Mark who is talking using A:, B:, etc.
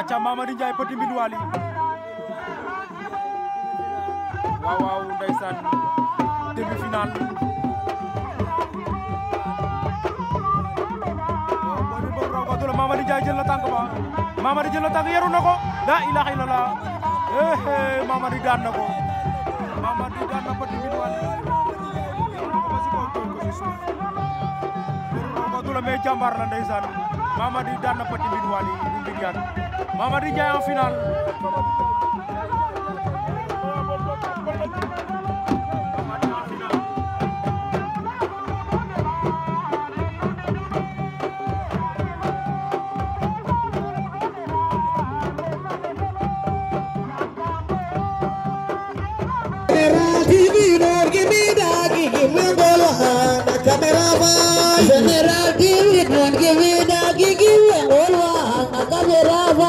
A: aca Mamadou Ndiaye Petit Mbine Waly waaw waaw ndeysaan demi final. waaw
B: Mamadou Ndiaye jël na tànk ba Mamadou jël na tànk yaru na ko la ilaha illallah eh Mamadou daan na ko Mamadou daan na Petit Mbine Waly la mais jàmbaar la ndeysaan Mamady daan na Petit Mbine Waly
C: gigi da gigi we olwa akabera